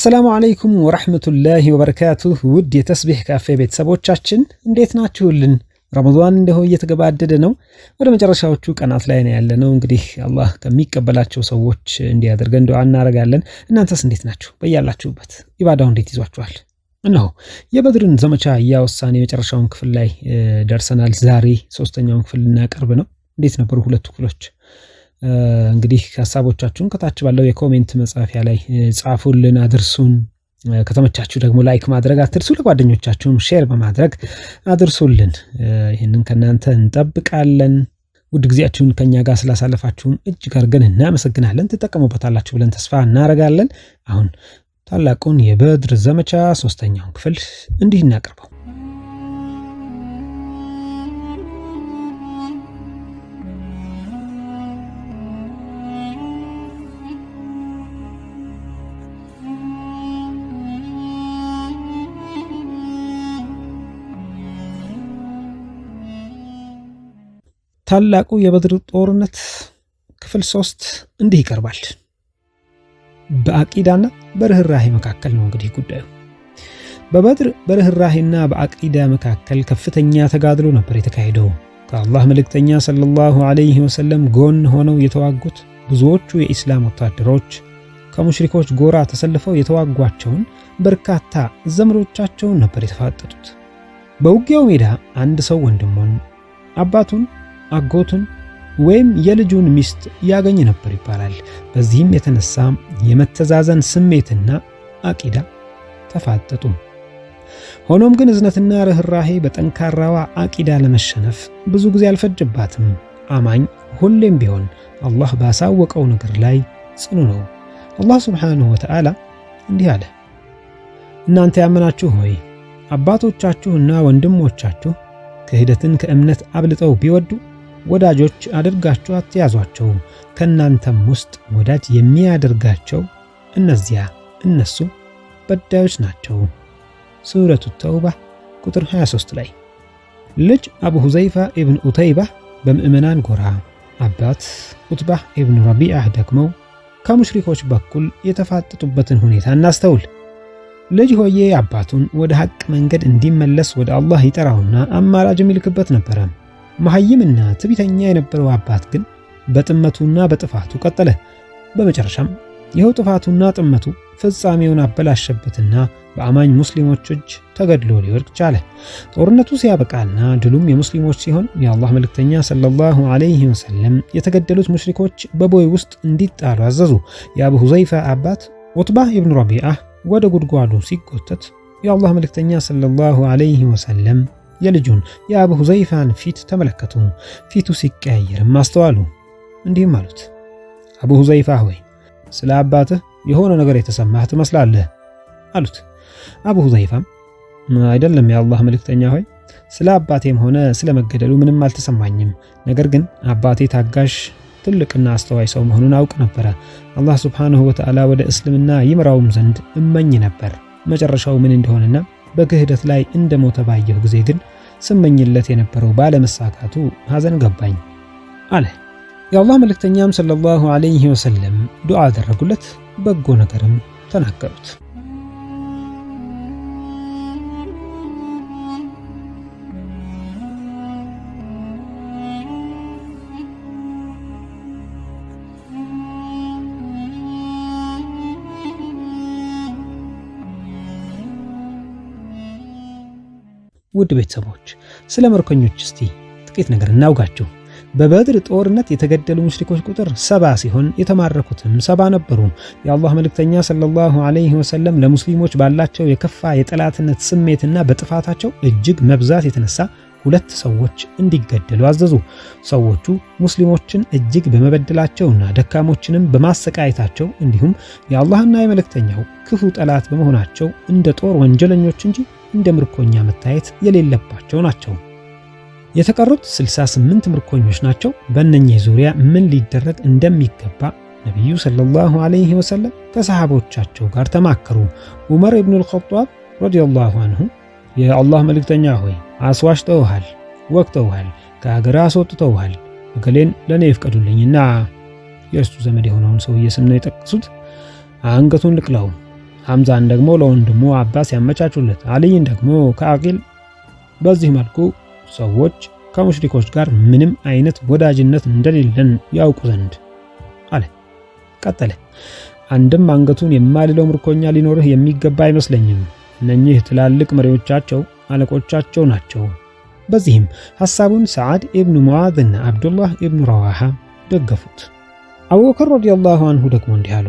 አሰላሙ አለይኩም ወረሕመቱላሂ ወበረካቱ ውድ የተስቢህ ካፌ ቤተሰቦቻችን እንዴት ናችሁልን? ረመዷን እንደሆ እየተገባደደ ነው። ወደ መጨረሻዎቹ ቀናት ላይ ነው ያለነው። እንግዲህ አላህ ከሚቀበላቸው ሰዎች እንዲያደርገን ዱዓ እናደርጋለን። እናንተስ እንዴት ናችሁ? በያላችሁበት ኢባዳው እንዴት ይዟችኋል? እነሆ የበድርን ዘመቻ እያወሳን የመጨረሻውን ክፍል ላይ ደርሰናል። ዛሬ ሶስተኛውን ክፍል ልናቀርብ ነው። እንዴት ነበሩ ሁለቱ ክፍሎች? እንግዲህ ሀሳቦቻችሁን ከታች ባለው የኮሜንት መጻፊያ ላይ ጻፉልን፣ አድርሱን። ከተመቻችሁ ደግሞ ላይክ ማድረግ አትርሱ። ለጓደኞቻችሁም ሼር በማድረግ አድርሱልን። ይህንን ከእናንተ እንጠብቃለን። ውድ ጊዜያችሁን ከእኛ ጋር ስላሳለፋችሁም እጅግ አድርገን እናመሰግናለን። ትጠቀሙበታላችሁ ብለን ተስፋ እናደርጋለን። አሁን ታላቁን የበድር ዘመቻ ሶስተኛውን ክፍል እንዲህ እናቀርበው። ታላቁ የበድር ጦርነት ክፍል ሶስት እንዲህ ይቀርባል። በአቂዳና በርህራሄ መካከል ነው እንግዲህ ጉዳዩ። በበድር በርኅራሄና በአቂዳ መካከል ከፍተኛ ተጋድሎ ነበር የተካሄደው። ከአላህ መልእክተኛ ሰለላሁ ዐለይሂ ወሰለም ጎን ሆነው የተዋጉት ብዙዎቹ የኢስላም ወታደሮች ከሙሽሪኮች ጎራ ተሰልፈው የተዋጓቸውን በርካታ ዘመዶቻቸውን ነበር የተፋጠጡት። በውጊያው ሜዳ አንድ ሰው ወንድሙን አባቱን አጎቱን ወይም የልጁን ሚስት ያገኝ ነበር ይባላል። በዚህም የተነሳ የመተዛዘን ስሜትና አቂዳ ተፋጠጡ። ሆኖም ግን እዝነትና ርኅራሄ በጠንካራዋ አቂዳ ለመሸነፍ ብዙ ጊዜ አልፈጅባትም። አማኝ ሁሌም ቢሆን አላህ ባሳወቀው ነገር ላይ ጽኑ ነው። አላህ ስብሓንሁ ወተዓላ እንዲህ አለ፣ እናንተ ያመናችሁ ሆይ አባቶቻችሁና ወንድሞቻችሁ ክህደትን ከእምነት አብልጠው ቢወዱ ወዳጆች አድርጋችሁ አትያዟቸው። ከእናንተም ውስጥ ወዳጅ የሚያደርጋቸው እነዚያ እነሱ በዳዮች ናቸው። ሱረቱ ተውባ ቁጥር 23 ላይ ልጅ አቡ ሁዘይፋ ኢብን ኡተይባ በምዕመናን ጎራ፣ አባት ኡትባህ ኢብኑ ረቢዓህ ደግመው ከሙሽሪኮች በኩል የተፋጠጡበትን ሁኔታ እናስተውል። ልጅ ሆዬ አባቱን ወደ ሐቅ መንገድ እንዲመለስ ወደ አላህ ይጠራውና አማራጅ የሚልክበት ነበረም። መሐይምና ትቢተኛ የነበረው አባት ግን በጥመቱና በጥፋቱ ቀጠለ። በመጨረሻም ይኸው ጥፋቱና ጥመቱ ፍጻሜውን አበላሸበትና በአማኝ ሙስሊሞች እጅ ተገድሎ ሊወድቅ ቻለ። ጦርነቱ ሲያበቃና ድሉም የሙስሊሞች ሲሆን የአላህ መልእክተኛ ሰለላሁ ዐለይሂ ወሰለም የተገደሉት ሙሽሪኮች በቦይ ውስጥ እንዲጣሉ አዘዙ። የአቡ ሁዘይፋ አባት ዑትባህ ኢብኑ ረቢዓ ወደ ጉድጓዱ ሲጎተት የአላህ መልእክተኛ ሰለላሁ ዐለይሂ ወሰለም የልጁን የአቡ ሁዘይፋን ፊት ተመለከቱ። ፊቱ ሲቀያየርም አስተዋሉ። እንዲህም አሉት፣ አቡ ሁዘይፋ ሆይ ስለ አባትህ የሆነ ነገር የተሰማህ ትመስላለህ አሉት። አቡ ሁዘይፋም አይደለም የአላህ መልእክተኛ ሆይ ስለ አባቴም ሆነ ስለ መገደሉ ምንም አልተሰማኝም። ነገር ግን አባቴ ታጋሽ ትልቅና አስተዋይ ሰው መሆኑን አውቅ ነበረ። አላህ ሱብሓነሁ ወተዓላ ወደ እስልምና ይምራውም ዘንድ እመኝ ነበር። መጨረሻው ምን እንደሆነና በክህደት ላይ እንደሞተ ባየሁ ጊዜ ግን ስመኝለት የነበረው ባለመሳካቱ ሐዘን ገባኝ አለ። የአላህ መልእክተኛም ሰለላሁ ዐለይሂ ወሰለም ዱዓ አደረጉለት፣ በጎ ነገርም ተናገሩት። ውድ ቤተሰቦች ስለ ምርኮኞች እስቲ ጥቂት ነገር እናውጋቸው። በበድር ጦርነት የተገደሉ ሙሽሪኮች ቁጥር ሰባ ሲሆን የተማረኩትም ሰባ ነበሩ። የአላህ መልእክተኛ ሰለላሁ ዐለይሂ ወሰለም ለሙስሊሞች ባላቸው የከፋ የጠላትነት ስሜትና በጥፋታቸው እጅግ መብዛት የተነሳ ሁለት ሰዎች እንዲገደሉ አዘዙ። ሰዎቹ ሙስሊሞችን እጅግ በመበደላቸውና ደካሞችንም በማሰቃየታቸው እንዲሁም የአላህና የመልእክተኛው ክፉ ጠላት በመሆናቸው እንደ ጦር ወንጀለኞች እንጂ እንደ ምርኮኛ መታየት የሌለባቸው ናቸው። የተቀሩት 68 ምርኮኞች ናቸው። በእነኚህ ዙሪያ ምን ሊደረግ እንደሚገባ ነቢዩ ሰለላሁ ዐለይሂ ወሰለም ከሰሃቦቻቸው ጋር ተማከሩ። ዑመር ኢብኑ አልኸጧብ ረዲየላሁ አንሁ የአላህ መልእክተኛ ሆይ አስዋሽተውሃል፣ ወቅተውሃል፣ ከሀገር አስወጥተውሃል፣ እገሌን ለእኔ ይፍቀዱልኝና የእርሱ ዘመድ የሆነውን ሰውዬ ስም ነው የጠቀሱት። አንገቱን ልቅለው ሐምዛን ደግሞ ለወንድሙ አባስ ያመቻቹለት፣ አልይን ደግሞ ከአቂል። በዚህ መልኩ ሰዎች ከሙሽሪኮች ጋር ምንም አይነት ወዳጅነት እንደሌለን ያውቁ ዘንድ አለ። ቀጠለ። አንድም አንገቱን የማልለው ምርኮኛ ሊኖርህ የሚገባ አይመስለኝም። እነኚህ ትላልቅ መሪዎቻቸው አለቆቻቸው ናቸው። በዚህም ሐሳቡን ሰዓድ ኢብኑ ሙዓዝና አብዱላህ ኢብኑ ረዋሃ ደገፉት። አቡበከር ረዲየላሁ አንሁ ደግሞ እንዲህ አሉ፣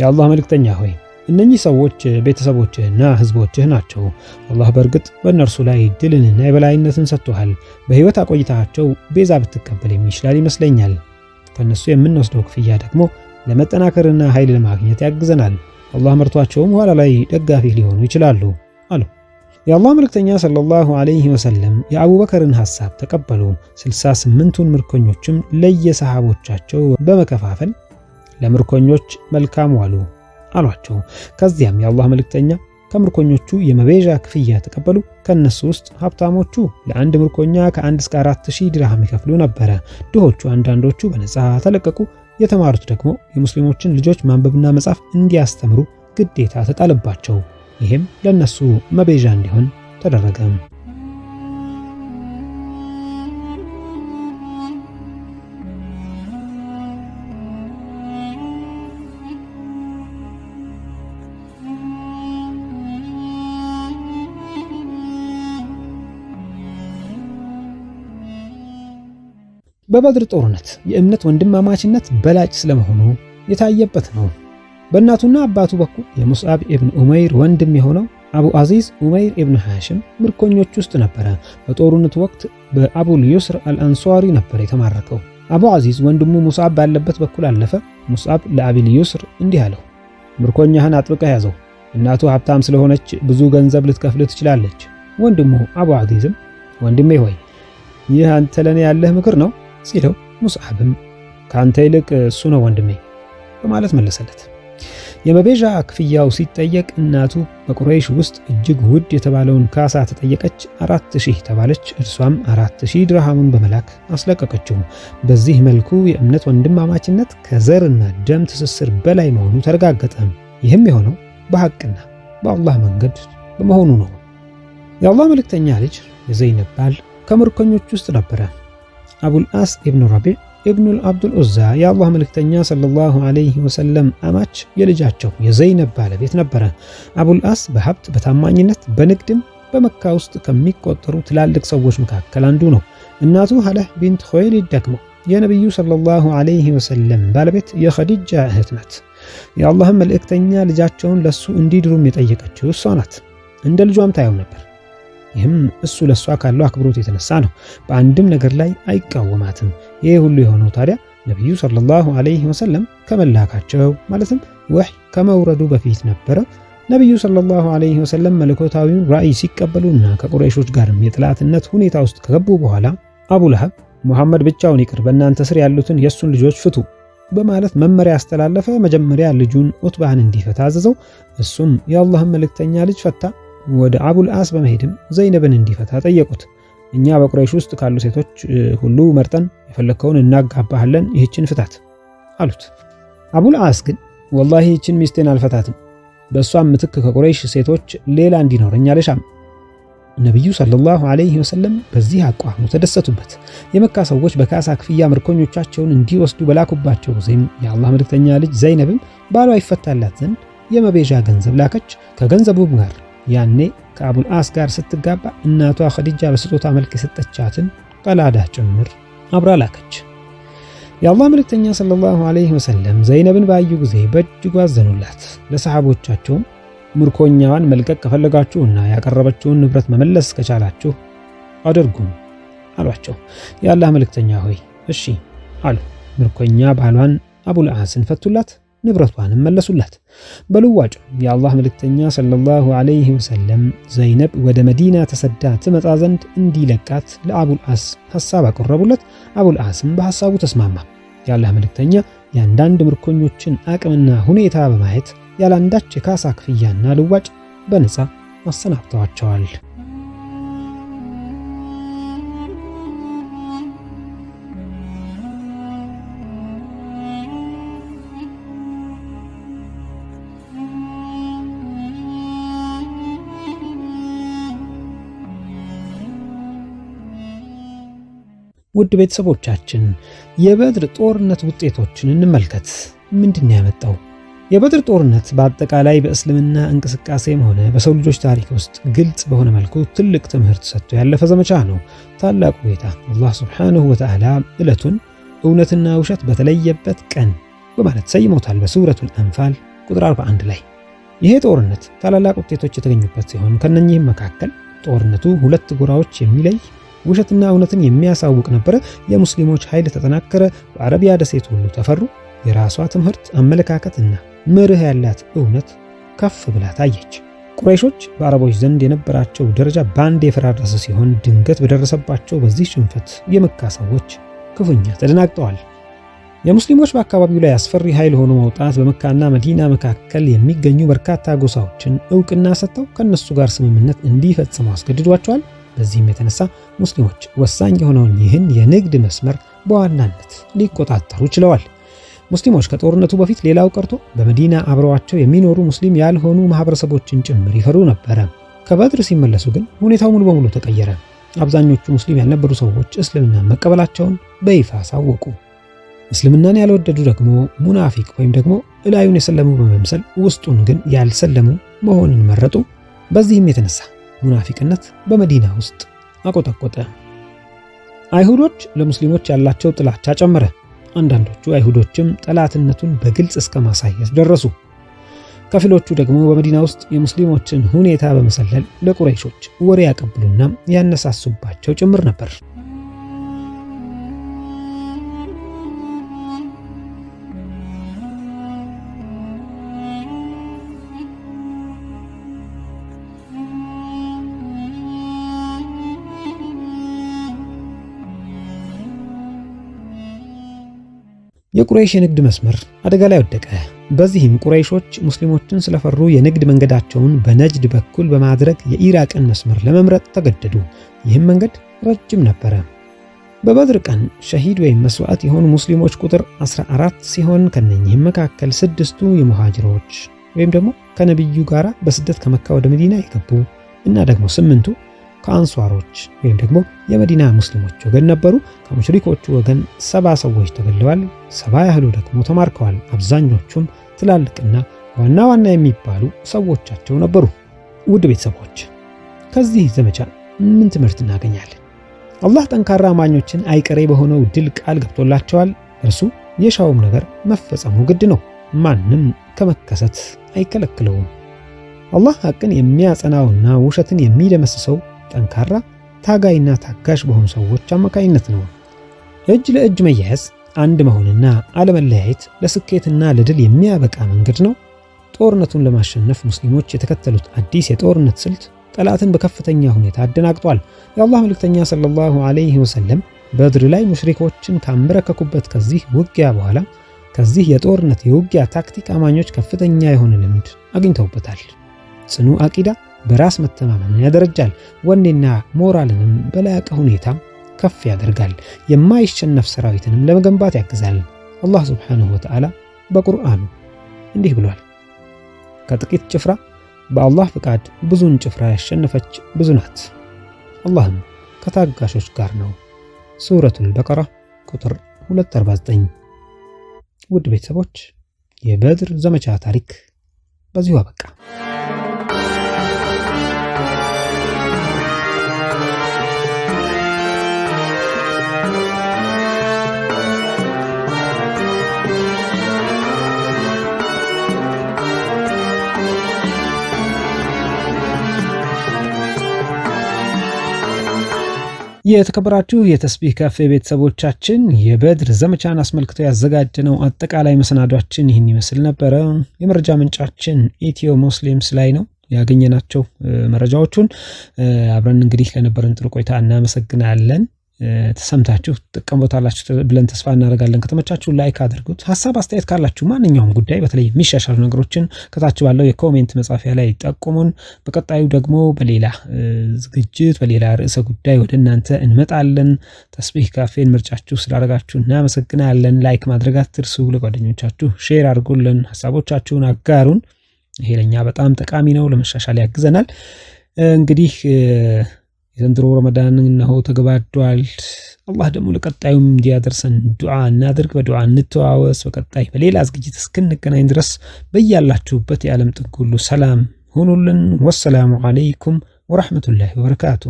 የአላህ መልእክተኛ ሆይ እነኚህ ሰዎች ቤተሰቦችህና ህዝቦችህ ናቸው። አላህ በእርግጥ በእነርሱ ላይ ድልንና የበላይነትን ሰጥቶሃል። በህይወት አቆይታቸው ቤዛ ብትቀበል የሚችላል ይመስለኛል። ከእነሱ የምንወስደው ክፍያ ደግሞ ለመጠናከርና ኃይል ለማግኘት ያግዘናል። አላህ መርቷቸውም ኋላ ላይ ደጋፊ ሊሆኑ ይችላሉ አሉ። የአላህ መልእክተኛ ሰለላሁ ዐለይሂ ወሰለም የአቡበከርን ሐሳብ ተቀበሉ። ስልሳ ስምንቱን ምርኮኞችም ለየሰሃቦቻቸው በመከፋፈል ለምርኮኞች መልካም ዋሉ። አሏቸው። ከዚያም የአላህ መልእክተኛ ከምርኮኞቹ የመቤዣ ክፍያ ተቀበሉ። ከነሱ ውስጥ ሀብታሞቹ ለአንድ ምርኮኛ ከአንድ እስከ አራት ሺህ ድርሃም ይከፍሉ ነበረ። ድሆቹ አንዳንዶቹ በነጻ ተለቀቁ። የተማሩት ደግሞ የሙስሊሞችን ልጆች ማንበብና መጻፍ እንዲያስተምሩ ግዴታ ተጣለባቸው። ይህም ለነሱ መቤዣ እንዲሆን ተደረገም። በበድር ጦርነት የእምነት ወንድማማችነት በላጭ ስለመሆኑ የታየበት ነው። በእናቱና አባቱ በኩል የሙስአብ ኢብን ኡመይር ወንድም የሆነው አቡ አዚዝ ኡመይር ኢብን ሐሽም ምርኮኞች ውስጥ ነበረ። በጦርነቱ ወቅት በአቡል ዩስር አልአንሷሪ ነበር የተማረከው። አቡ አዚዝ ወንድሙ ሙስአብ ባለበት በኩል አለፈ። ሙስአብ ለአቢል ዩስር እንዲህ አለው፣ ምርኮኛህን አጥብቀህ ያዘው። እናቱ ሀብታም ስለሆነች ብዙ ገንዘብ ልትከፍል ትችላለች። ወንድሙ አቡ አዚዝም ወንድሜ ሆይ ይህ አንተ ለእኔ ያለህ ምክር ነው ሲለው ሙስዓብም ከአንተ ይልቅ እሱ ነው ወንድሜ በማለት መለሰለት። የመቤዣ ክፍያው ሲጠየቅ እናቱ በቁረይሽ ውስጥ እጅግ ውድ የተባለውን ካሳ ተጠየቀች። አራት ሺህ ተባለች። እርሷም አራት ሺህ ድርሃሙን በመላክ አስለቀቀችው። በዚህ መልኩ የእምነት ወንድማማችነት ከዘርና ደም ትስስር በላይ መሆኑ ተረጋገጠ። ይህም የሆነው በሐቅና በአላህ መንገድ በመሆኑ ነው። የአላህ መልእክተኛ ልጅ የዘይነብ ባል ከምርኮኞች ውስጥ ነበረ። አቡልአስ አስ ኢብኑ ረቢዕ ኢብኑል አብዱል ዑዛ የአላህ መልእክተኛ ሰለላሁ ዐለይሂ ወሰለም አማች የልጃቸው የዘይነብ ባለቤት ነበረ። አቡልአስ በሀብት በታማኝነት በንግድም በመካ ውስጥ ከሚቆጠሩ ትላልቅ ሰዎች መካከል አንዱ ነው። እናቱ ሀለህ ቢንት ኹወይሊድ ደግሞ የነቢዩ ሰለላሁ ዐለይሂ ወሰለም ባለቤት የኸዲጃ እህት ናት። የአላህም መልእክተኛ ልጃቸውን ለሱ እንዲድሩም የጠየቀችው እሷ ናት። እንደ ልጇም ታየው ነበር። ይህም እሱ ለእሷ ካለው አክብሮት የተነሳ ነው። በአንድም ነገር ላይ አይቃወማትም። ይህ ሁሉ የሆነው ታዲያ ነቢዩ ሰለላሁ ዐለይሂ ወሰለም ከመላካቸው ማለትም ወህ ከመውረዱ በፊት ነበረ። ነቢዩ ሰለላሁ አለይህ ወሰለም መልኮታዊውን ራእይ ሲቀበሉና ከቁረይሾች ጋርም የጥላትነት ሁኔታ ውስጥ ከገቡ በኋላ አቡ ለሀብ ሙሐመድ ብቻውን ይቅር፣ በእናንተ ስር ያሉትን የእሱን ልጆች ፍቱ በማለት መመሪያ ያስተላለፈ። መጀመሪያ ልጁን ዑትባህን እንዲፈታ አዘዘው። እሱም የአላህን መልእክተኛ ልጅ ፈታ። ወደ አቡል አስ በመሄድም ዘይነብን እንዲፈታ ጠየቁት። እኛ በቁረይሽ ውስጥ ካሉ ሴቶች ሁሉ መርጠን የፈለግከውን እናጋባሃለን፣ ይህችን ፍታት አሉት። አቡል አስ ግን ወላሂ ይህችን ሚስቴን አልፈታትም፣ በእሷም ምትክ ከቁረይሽ ሴቶች ሌላ እንዲኖረኝ አልሻም። ነቢዩ ሰለላሁ ዐለይሂ ወሰለም በዚህ አቋሙ ተደሰቱበት። የመካ ሰዎች በካሳ ክፍያ ምርኮኞቻቸውን እንዲወስዱ በላኩባቸው ጊዜም የአላህ መልክተኛ ልጅ ዘይነብም ባሏ ይፈታላት ዘንድ የመቤዣ ገንዘብ ላከች። ከገንዘቡም ጋር ያኔ ከአቡል አስ ጋር ስትጋባ እናቷ ኸዲጃ በስጦታ መልክ የሰጠቻትን ቀላዳ ጭምር አብራ ላከች። የአላህ መልእክተኛ ሰለላሁ ዐለይሂ ወሰለም ዘይነብን ባዩ ጊዜ በእጅጉ አዘኑላት። ለሰሓቦቻቸውም ምርኮኛዋን መልቀቅ ከፈለጋችሁና ያቀረበችውን ንብረት መመለስ ከቻላችሁ አድርጉም አሏቸው። የአላህ መልእክተኛ ሆይ እሺ አሉ። ምርኮኛ ባሏን አቡል አስን ፈቱላት። ንብረቷንም መለሱላት። በልዋጭ የአላህ መልእክተኛ ሰለላሁ ዐለይሂ ወሰለም ዘይነብ ወደ መዲና ተሰዳ ትመጣ ዘንድ እንዲለቃት ለአቡልአስ ሐሳብ አቀረቡለት። አቡልአስም በሐሳቡ ተስማማ። የአላህ መልእክተኛ የአንዳንድ ምርኮኞችን አቅምና ሁኔታ በማየት ያለአንዳች የካሳ ክፍያና ልዋጭ በነፃ አሰናብተዋቸዋል። ውድ ቤተሰቦቻችን የበድር ጦርነት ውጤቶችን እንመልከት። ምንድን ያመጣው? የበድር ጦርነት በአጠቃላይ በእስልምና እንቅስቃሴም ሆነ በሰው ልጆች ታሪክ ውስጥ ግልጽ በሆነ መልኩ ትልቅ ትምህርት ሰጥቶ ያለፈ ዘመቻ ነው። ታላቁ ጌታ አላህ ሱብሓነሁ ወተዓላ ዕለቱን እውነትና ውሸት በተለየበት ቀን በማለት ሰይሞታል። በሱረቱል አንፋል ቁጥር 41 ላይ ይሄ ጦርነት ታላላቅ ውጤቶች የተገኙበት ሲሆን ከነኚህም መካከል ጦርነቱ ሁለት ጎራዎች የሚለይ ውሸትና እውነትን የሚያሳውቅ ነበረ። የሙስሊሞች ኃይል ተጠናከረ። በአረቢያ ደሴት ሁሉ ተፈሩ። የራሷ ትምህርት፣ አመለካከትና መርህ ያላት እውነት ከፍ ብላ ታየች። ቁረይሾች በአረቦች ዘንድ የነበራቸው ደረጃ በአንድ የፈራረሰ ሲሆን ድንገት በደረሰባቸው በዚህ ሽንፈት የመካ ሰዎች ክፉኛ ተደናግጠዋል። የሙስሊሞች በአካባቢው ላይ አስፈሪ ኃይል ሆኖ መውጣት በመካና መዲና መካከል የሚገኙ በርካታ ጎሳዎችን እውቅና ሰጥተው ከእነሱ ጋር ስምምነት እንዲፈጽሙ አስገድዷቸዋል። በዚህም የተነሳ ሙስሊሞች ወሳኝ የሆነውን ይህን የንግድ መስመር በዋናነት ሊቆጣጠሩ ችለዋል። ሙስሊሞች ከጦርነቱ በፊት ሌላው ቀርቶ በመዲና አብረዋቸው የሚኖሩ ሙስሊም ያልሆኑ ማህበረሰቦችን ጭምር ይፈሩ ነበረ። ከበድር ሲመለሱ ግን ሁኔታው ሙሉ በሙሉ ተቀየረ። አብዛኞቹ ሙስሊም ያልነበሩ ሰዎች እስልምና መቀበላቸውን በይፋ አሳወቁ። እስልምናን ያልወደዱ ደግሞ ሙናፊቅ ወይም ደግሞ እላዩን የሰለሙ በመምሰል ውስጡን ግን ያልሰለሙ መሆንን መረጡ። በዚህም የተነሳ ሙናፊቅነት በመዲና ውስጥ አቆጠቆጠ። አይሁዶች ለሙስሊሞች ያላቸው ጥላቻ ጨመረ። አንዳንዶቹ አይሁዶችም ጠላትነቱን በግልጽ እስከ ማሳየት ደረሱ። ከፊሎቹ ደግሞ በመዲና ውስጥ የሙስሊሞችን ሁኔታ በመሰለል ለቁረይሾች ወሬ ያቀብሉና ያነሳሱባቸው ጭምር ነበር። የቁረይሽ የንግድ መስመር አደጋ ላይ ወደቀ። በዚህም ቁረይሾች ሙስሊሞችን ስለፈሩ የንግድ መንገዳቸውን በነጅድ በኩል በማድረግ የኢራቅን መስመር ለመምረጥ ተገደዱ። ይህም መንገድ ረጅም ነበረ። በበድር ቀን ሸሂድ ወይም መስዋዕት የሆኑ ሙስሊሞች ቁጥር 14 ሲሆን ከነኚህም መካከል ስድስቱ የመሃጅሮች ወይም ደግሞ ከነቢዩ ጋር በስደት ከመካ ወደ መዲና የገቡ እና ደግሞ ስምንቱ ከአንሷሮች ወይም ደግሞ የመዲና ሙስሊሞች ወገን ነበሩ። ከሙሽሪኮቹ ወገን ሰባ ሰዎች ተገለዋል። ሰባ ያህሉ ደግሞ ተማርከዋል። አብዛኞቹም ትላልቅና ዋና ዋና የሚባሉ ሰዎቻቸው ነበሩ። ውድ ቤተሰቦች ከዚህ ዘመቻ ምን ትምህርት እናገኛለን? አላህ ጠንካራ አማኞችን አይቀሬ በሆነው ድል ቃል ገብቶላቸዋል። እርሱ የሻውም ነገር መፈጸሙ ግድ ነው። ማንም ከመከሰት አይከለክለውም። አላህ ሐቅን የሚያጸናውና ውሸትን የሚደመስሰው ጠንካራ ታጋይና ታጋሽ በሆኑ ሰዎች አማካኝነት ነው። እጅ ለእጅ መያያዝ አንድ መሆንና አለመለያየት ለስኬትና ለድል የሚያበቃ መንገድ ነው። ጦርነቱን ለማሸነፍ ሙስሊሞች የተከተሉት አዲስ የጦርነት ስልት ጠላትን በከፍተኛ ሁኔታ አደናግጧል። የአላህ መልእክተኛ ሰለላሁ ዐለይሂ ወሰለም በድር ላይ ሙሽሪኮችን ካንበረከኩበት ከዚህ ውጊያ በኋላ ከዚህ የጦርነት የውጊያ ታክቲክ አማኞች ከፍተኛ የሆነ ልምድ አግኝተውበታል። ጽኑ አቂዳ በራስ መተማመንን ያደረጃል፣ ወኔና ሞራልንም በላቀ ሁኔታ ከፍ ያደርጋል። የማይሸነፍ ሰራዊትንም ለመገንባት ያግዛል። አላህ ሱብሓነሁ ወተዓላ በቁርአኑ እንዲህ ብሏል፣ ከጥቂት ጭፍራ በአላህ ፍቃድ ብዙን ጭፍራ ያሸነፈች ብዙ ናት። አላህም ከታጋሾች ጋር ነው። ሱረቱል በቀራ ቁጥር 249። ውድ ቤተሰቦች የበድር ዘመቻ ታሪክ በዚሁ አበቃ። የተከበራችሁ የተስቢህ ካፌ ቤተሰቦቻችን የበድር ዘመቻን አስመልክቶ ያዘጋጀነው አጠቃላይ መሰናዷችን ይህን ይመስል ነበረ። የመረጃ ምንጫችን ኢትዮ ሙስሊምስ ላይ ነው ያገኘናቸው መረጃዎቹን። አብረን እንግዲህ ለነበረን ጥሩ ቆይታ እናመሰግናለን። ተሰምታችሁ ትጠቀሙበታላችሁ ብለን ተስፋ እናደርጋለን። ከተመቻችሁ ላይክ አድርጉት። ሀሳብ አስተያየት ካላችሁ ማንኛውም ጉዳይ በተለይ የሚሻሻሉ ነገሮችን ከታች ባለው የኮሜንት መጻፊያ ላይ ጠቁሙን። በቀጣዩ ደግሞ በሌላ ዝግጅት በሌላ ርዕሰ ጉዳይ ወደ እናንተ እንመጣለን። ተስቢህ ካፌን ምርጫችሁ ስላደረጋችሁ እናመሰግናለን። ላይክ ማድረግ አትርሱ። ለጓደኞቻችሁ ሼር አድርጉልን፣ ሀሳቦቻችሁን አጋሩን። ይሄ ለእኛ በጣም ጠቃሚ ነው፣ ለመሻሻል ያግዘናል። እንግዲህ የዘንድሮ ረመዳን እነሆ ተገባዷል። አላህ ደግሞ ለቀጣዩም እንዲያደርሰን ዱዓ እናድርግ፣ በዱዓ እንተዋወስ። በቀጣይ በሌላ ዝግጅት እስክንገናኝ ድረስ በያላችሁበት የዓለም ጥግ ሁሉ ሰላም ሁኑልን። ወሰላሙ አለይኩም ወረሕመቱላሂ ወበረካቱ።